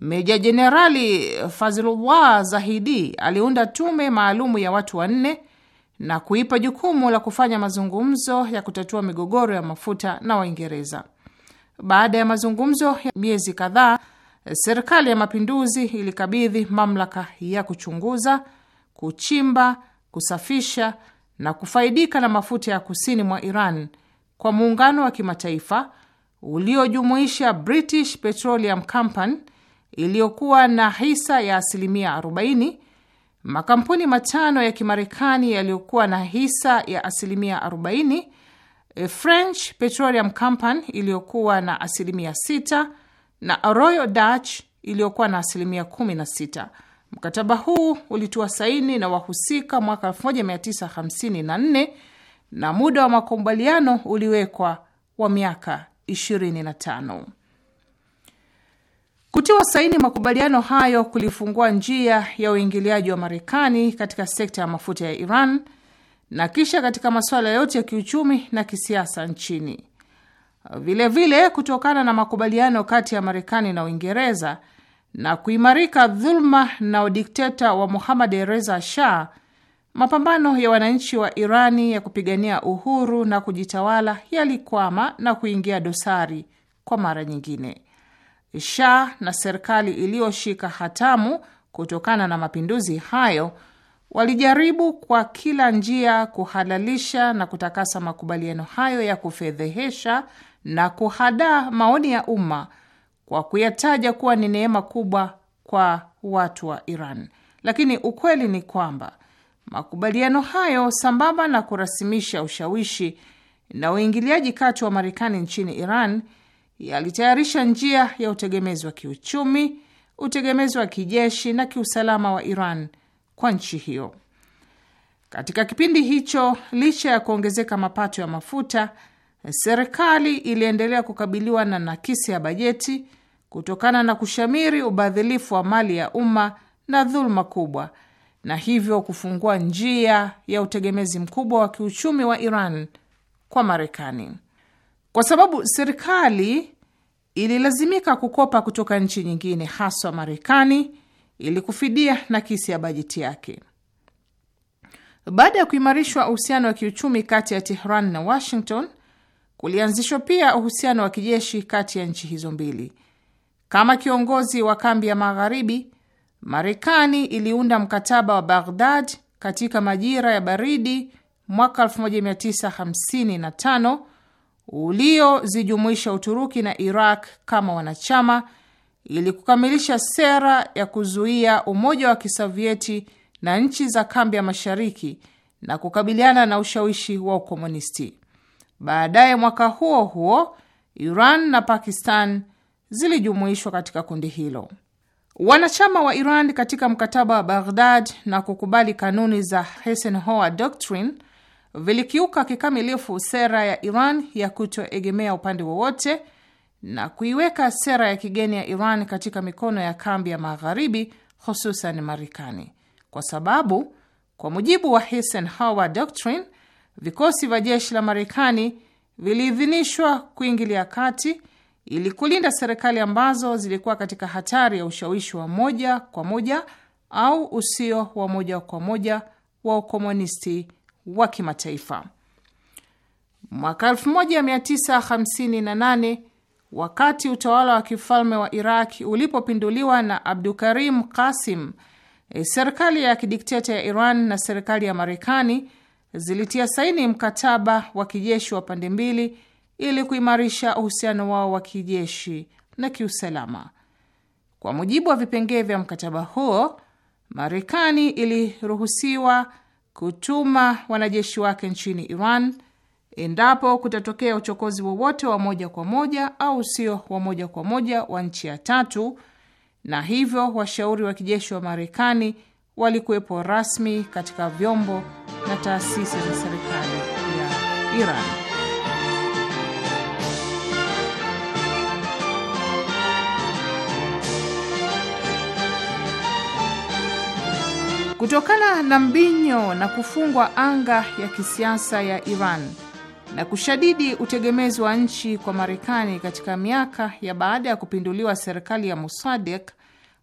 S5: Meja Jenerali Fazlullah Zahidi aliunda tume maalumu ya watu wanne na kuipa jukumu la kufanya mazungumzo ya kutatua migogoro ya mafuta na Waingereza. Baada ya mazungumzo ya miezi kadhaa, serikali ya mapinduzi ilikabidhi mamlaka ya kuchunguza, kuchimba, kusafisha na kufaidika na mafuta ya kusini mwa Iran kwa muungano wa kimataifa uliojumuisha British Petroleum Company iliyokuwa na hisa ya asilimia Makampuni matano ya Kimarekani yaliyokuwa na hisa ya asilimia 40, eh, French Petroleum Company iliyokuwa na asilimia 6 na Royal Dutch iliyokuwa na asilimia 16. Mkataba huu ulitua saini na wahusika mwaka 1954 na muda wa makubaliano uliwekwa wa miaka 25. Kutiwa saini makubaliano hayo kulifungua njia ya uingiliaji wa Marekani katika sekta ya mafuta ya Iran na kisha katika masuala yote ya kiuchumi na kisiasa nchini. Vilevile vile, kutokana na makubaliano kati ya Marekani na Uingereza na kuimarika dhuluma na udikteta wa Muhammad Reza Shah, mapambano ya wananchi wa Irani ya kupigania uhuru na kujitawala yalikwama na kuingia dosari kwa mara nyingine. Shah na serikali iliyoshika hatamu kutokana na mapinduzi hayo walijaribu kwa kila njia kuhalalisha na kutakasa makubaliano hayo ya kufedhehesha na kuhadaa maoni ya umma kwa kuyataja kuwa ni neema kubwa kwa watu wa Iran. Lakini ukweli ni kwamba makubaliano hayo, sambamba na kurasimisha ushawishi na uingiliaji kati wa Marekani nchini Iran, yalitayarisha njia ya utegemezi wa kiuchumi, utegemezi wa kijeshi na kiusalama wa Iran kwa nchi hiyo. Katika kipindi hicho, licha ya kuongezeka mapato ya mafuta, serikali iliendelea kukabiliwa na nakisi ya bajeti kutokana na kushamiri ubadhilifu wa mali ya umma na dhuluma kubwa, na hivyo kufungua njia ya utegemezi mkubwa wa kiuchumi wa Iran kwa Marekani kwa sababu serikali ililazimika kukopa kutoka nchi nyingine, haswa Marekani, ili kufidia nakisi ya bajeti yake. Baada ya kuimarishwa uhusiano wa kiuchumi kati ya Tehran na Washington, kulianzishwa pia uhusiano wa kijeshi kati ya nchi hizo mbili. Kama kiongozi wa kambi ya Magharibi, Marekani iliunda mkataba wa Baghdad katika majira ya baridi mwaka 1955 uliozijumuisha Uturuki na Iraq kama wanachama ili kukamilisha sera ya kuzuia Umoja wa Kisovieti na nchi za kambi ya Mashariki na kukabiliana na ushawishi wa ukomunisti. Baadaye mwaka huo huo, Iran na Pakistan zilijumuishwa katika kundi hilo. Wanachama wa Iran katika mkataba wa Baghdad na kukubali kanuni za Eisenhower Doctrine vilikiuka kikamilifu sera ya Iran ya kutoegemea upande wowote na kuiweka sera ya kigeni ya Iran katika mikono ya kambi ya Magharibi, hususan Marekani, kwa sababu kwa mujibu wa Eisenhower Doctrine, vikosi vya jeshi la Marekani viliidhinishwa kuingilia kati ili kulinda serikali ambazo zilikuwa katika hatari ya ushawishi wa moja kwa moja au usio wa moja kwa moja wa ukomunisti wa kimataifa. Mwaka 1958 wakati utawala wa kifalme wa Iraq ulipopinduliwa na Abdukarim Qasim, eh, serikali ya kidikteta ya Iran na serikali ya Marekani zilitia saini mkataba wa kijeshi wa pande mbili ili kuimarisha uhusiano wao wa kijeshi na kiusalama. Kwa mujibu wa vipengee vya mkataba huo, Marekani iliruhusiwa kutuma wanajeshi wake nchini Iran endapo kutatokea uchokozi wowote wa moja kwa moja au usio wa moja kwa moja wa nchi ya tatu, na hivyo washauri wa kijeshi wa Marekani walikuwepo rasmi katika vyombo na taasisi za serikali ya Iran. Kutokana na mbinyo na kufungwa anga ya kisiasa ya Iran na kushadidi utegemezi wa nchi kwa Marekani katika miaka ya baada ya kupinduliwa serikali ya Musadik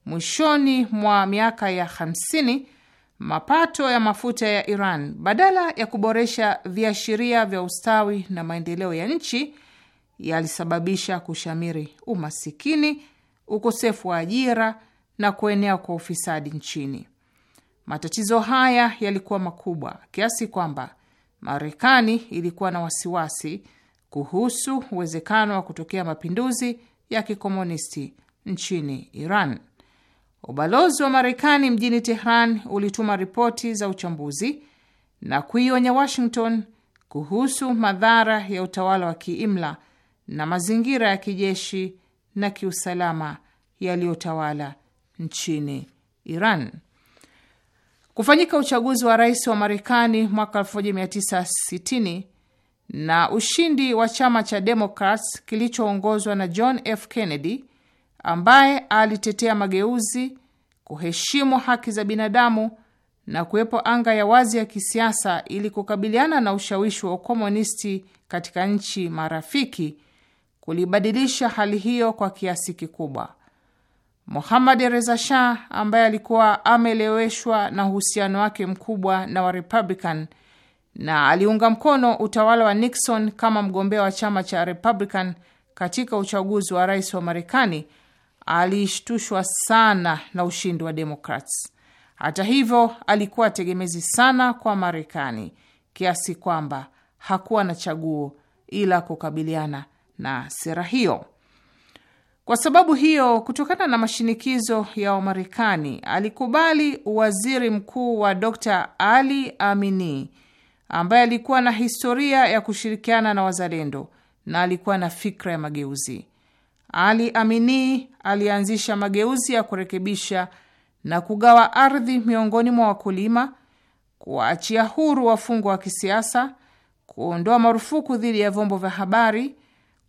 S5: mwishoni mwa miaka ya 50, mapato ya mafuta ya Iran badala ya kuboresha viashiria vya ustawi na maendeleo ya nchi yalisababisha kushamiri umasikini, ukosefu wa ajira na kuenea kwa ufisadi nchini. Matatizo haya yalikuwa makubwa kiasi kwamba Marekani ilikuwa na wasiwasi kuhusu uwezekano wa kutokea mapinduzi ya kikomunisti nchini Iran. Ubalozi wa Marekani mjini Tehran ulituma ripoti za uchambuzi na kuionya Washington kuhusu madhara ya utawala wa kiimla na mazingira ya kijeshi na kiusalama yaliyotawala nchini Iran kufanyika uchaguzi wa rais wa Marekani mwaka 1960 na ushindi wa chama cha Democrats kilichoongozwa na John F. Kennedy ambaye alitetea mageuzi, kuheshimu haki za binadamu na kuwepo anga ya wazi ya kisiasa ili kukabiliana na ushawishi wa ukomunisti katika nchi marafiki kulibadilisha hali hiyo kwa kiasi kikubwa. Muhammad Reza Shah ambaye alikuwa ameeleweshwa na uhusiano wake mkubwa na wa Republican na aliunga mkono utawala wa Nixon kama mgombea wa chama cha Republican katika uchaguzi wa rais wa Marekani, alishtushwa sana na ushindi wa Democrats. Hata hivyo, alikuwa tegemezi sana kwa Marekani kiasi kwamba hakuwa na chaguo ila kukabiliana na sera hiyo. Kwa sababu hiyo, kutokana na mashinikizo ya Wamarekani, alikubali waziri mkuu wa Dr Ali Amini ambaye alikuwa na historia ya kushirikiana na wazalendo na alikuwa na fikra ya mageuzi. Ali Amini alianzisha mageuzi ya kurekebisha na kugawa ardhi miongoni mwa wakulima, kuwaachia huru wafungwa wa kisiasa, kuondoa marufuku dhidi ya vyombo vya habari,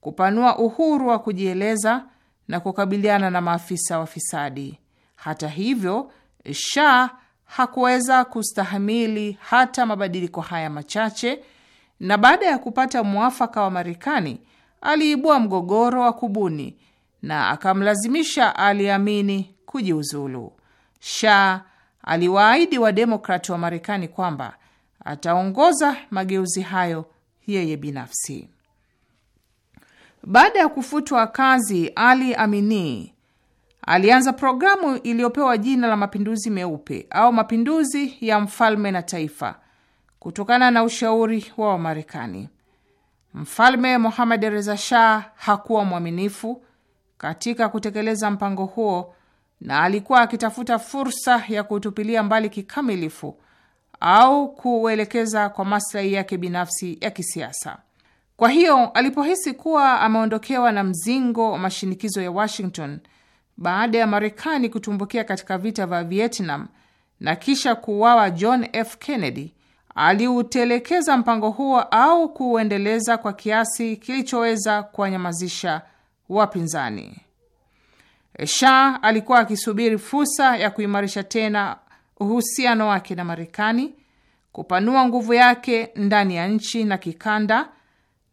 S5: kupanua uhuru wa kujieleza na kukabiliana na maafisa wafisadi. Hata hivyo, Shah hakuweza kustahamili hata mabadiliko haya machache, na baada ya kupata mwafaka wa Marekani aliibua mgogoro wa kubuni na akamlazimisha Ali Amini kujiuzulu. Shah aliwaahidi wademokrati wa Marekani kwamba ataongoza mageuzi hayo yeye binafsi. Baada ya kufutwa kazi, Ali Amini alianza programu iliyopewa jina la mapinduzi meupe au mapinduzi ya mfalme na taifa kutokana na ushauri wa Wamarekani. Mfalme Mohamed Reza Shah hakuwa mwaminifu katika kutekeleza mpango huo na alikuwa akitafuta fursa ya kutupilia mbali kikamilifu au kuuelekeza kwa maslahi yake binafsi ya kisiasa. Kwa hiyo alipohisi kuwa ameondokewa na mzingo wa mashinikizo ya Washington baada ya Marekani kutumbukia katika vita vya Vietnam na kisha kuuawa John F. Kennedy, aliutelekeza mpango huo au kuuendeleza kwa kiasi kilichoweza kuwanyamazisha wapinzani. Shah alikuwa akisubiri fursa ya kuimarisha tena uhusiano wake na Marekani, kupanua nguvu yake ndani ya nchi na kikanda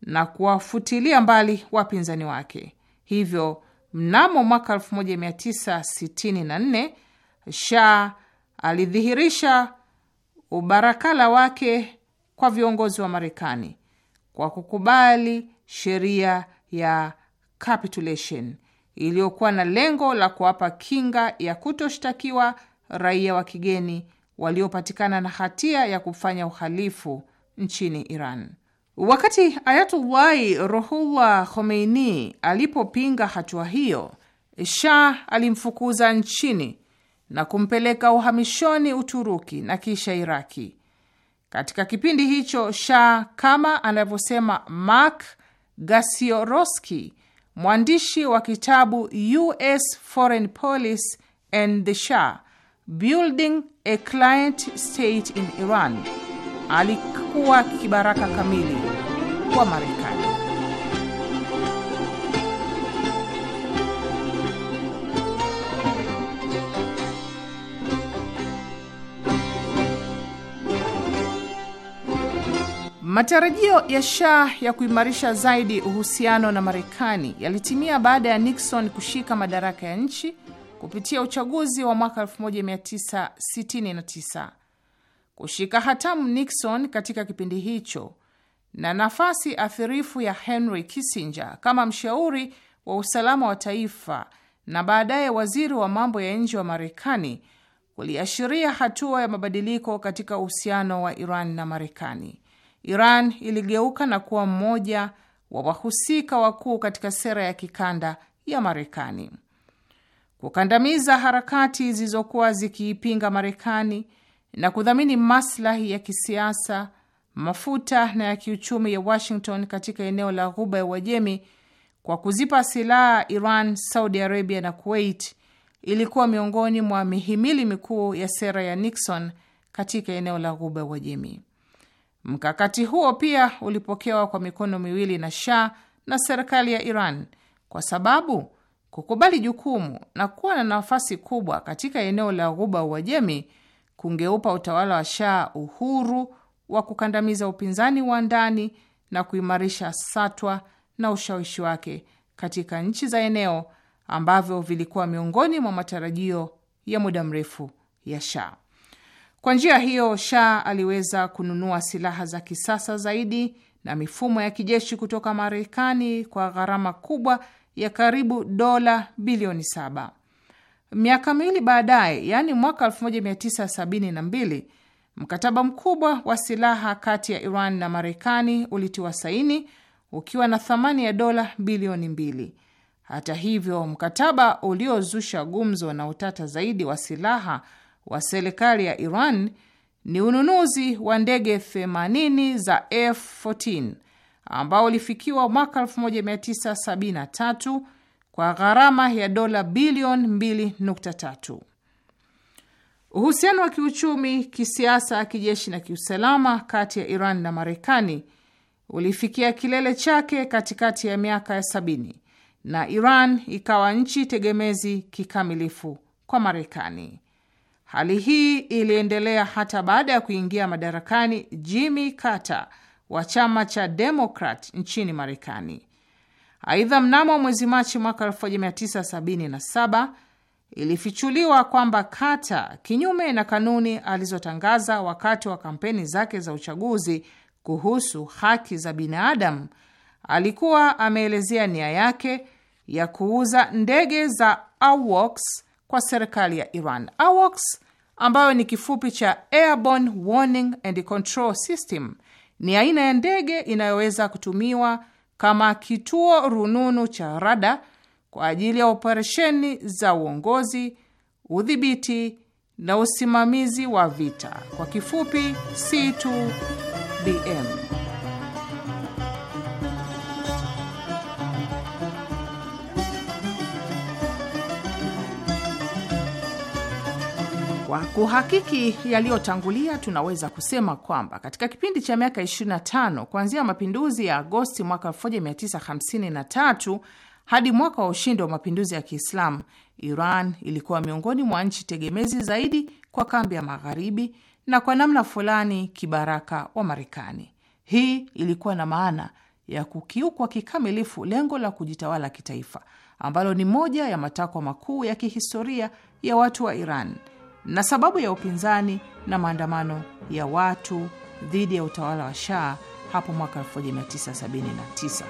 S5: na kuwafutilia mbali wapinzani wake. Hivyo mnamo mwaka 1964 Shah alidhihirisha ubarakala wake kwa viongozi wa Marekani kwa kukubali sheria ya capitulation iliyokuwa na lengo la kuwapa kinga ya kutoshtakiwa raia wa kigeni waliopatikana na hatia ya kufanya uhalifu nchini Iran. Wakati Ayatullahi Ruhullah Khomeini alipopinga hatua hiyo, Shah alimfukuza nchini na kumpeleka uhamishoni Uturuki na kisha Iraki. Katika kipindi hicho, Shah kama anavyosema Mark Gasiorowski, mwandishi wa kitabu US Foreign Policy and the Shah Building a Client State in Iran alikuwa kibaraka kamili kwa Marekani. Matarajio ya Shah ya kuimarisha zaidi uhusiano na Marekani yalitimia baada ya Nixon kushika madaraka ya nchi kupitia uchaguzi wa mwaka 1969 kushika hatamu Nixon katika kipindi hicho na nafasi athirifu ya Henry Kissinger kama mshauri wa usalama wa taifa na baadaye waziri wa mambo ya nje wa Marekani kuliashiria hatua ya mabadiliko katika uhusiano wa Iran na Marekani. Iran iligeuka na kuwa mmoja wa wahusika wakuu katika sera ya kikanda ya Marekani. Kukandamiza harakati zilizokuwa zikiipinga Marekani na kudhamini maslahi ya kisiasa, mafuta na ya kiuchumi ya Washington katika eneo la Ghuba ya Uajemi kwa kuzipa silaha Iran, Saudi Arabia na Kuwait ilikuwa miongoni mwa mihimili mikuu ya sera ya Nixon katika eneo la Ghuba ya Uajemi. Mkakati huo pia ulipokewa kwa mikono miwili na Shah na serikali ya Iran kwa sababu kukubali jukumu na kuwa na nafasi kubwa katika eneo la Ghuba Uajemi kungeupa utawala wa Shah uhuru wa kukandamiza upinzani wa ndani na kuimarisha satwa na ushawishi wake katika nchi za eneo ambavyo vilikuwa miongoni mwa matarajio ya muda mrefu ya Shah. Kwa njia hiyo, Shah aliweza kununua silaha za kisasa zaidi na mifumo ya kijeshi kutoka Marekani kwa gharama kubwa ya karibu dola bilioni saba. Miaka miwili baadaye, yaani mwaka 1972, mkataba mkubwa wa silaha kati ya Iran na Marekani ulitiwa saini ukiwa na thamani ya dola bilioni mbili. Hata hivyo, mkataba uliozusha gumzo na utata zaidi wa silaha wa serikali ya Iran ni ununuzi wa ndege 80 za F14 ambao ulifikiwa mwaka 1973 kwa gharama ya dola bilioni 2.3. Uhusiano wa kiuchumi, kisiasa, kijeshi na kiusalama kati ya Iran na Marekani ulifikia kilele chake katikati ya miaka ya sabini na Iran ikawa nchi tegemezi kikamilifu kwa Marekani. Hali hii iliendelea hata baada ya kuingia madarakani Jimmy Carter wa chama cha demokrat nchini Marekani. Aidha, mnamo mwezi Machi mwaka 1977 ilifichuliwa kwamba kata kinyume na kanuni alizotangaza wakati wa kampeni zake za uchaguzi kuhusu haki za binadamu, alikuwa ameelezea nia yake ya kuuza ndege za AWACS kwa serikali ya Iran. AWACS ambayo ni kifupi cha Airborne Warning and Control System, ni aina ya ndege inayoweza kutumiwa kama kituo rununu cha rada kwa ajili ya operesheni za uongozi, udhibiti na usimamizi wa vita, kwa kifupi C2BM. Kwa kuhakiki yaliyotangulia, tunaweza kusema kwamba katika kipindi cha miaka 25 kuanzia mapinduzi ya Agosti mwaka 1953 hadi mwaka wa ushindi wa mapinduzi ya Kiislamu, Iran ilikuwa miongoni mwa nchi tegemezi zaidi kwa kambi ya Magharibi na kwa namna fulani kibaraka wa Marekani. Hii ilikuwa na maana ya kukiukwa kikamilifu lengo la kujitawala kitaifa ambalo ni moja ya matakwa makuu ya kihistoria ya watu wa Iran na sababu ya upinzani na maandamano ya watu dhidi ya utawala wa Shah hapo mwaka 1979.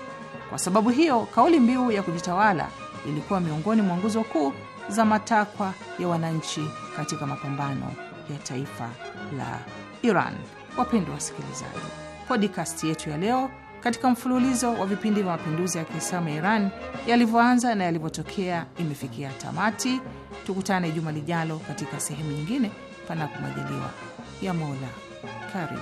S5: Kwa sababu hiyo, kauli mbiu ya kujitawala ilikuwa miongoni mwa nguzo kuu za matakwa ya wananchi katika mapambano ya taifa la Iran. Wapendwa wasikilizaji, podikasti yetu ya leo katika mfululizo wa vipindi vya mapinduzi ya Kiislamu ya Iran yalivyoanza na yalivyotokea imefikia tamati. Tukutane juma lijalo katika sehemu nyingine, panapo majaliwa ya Mola karibu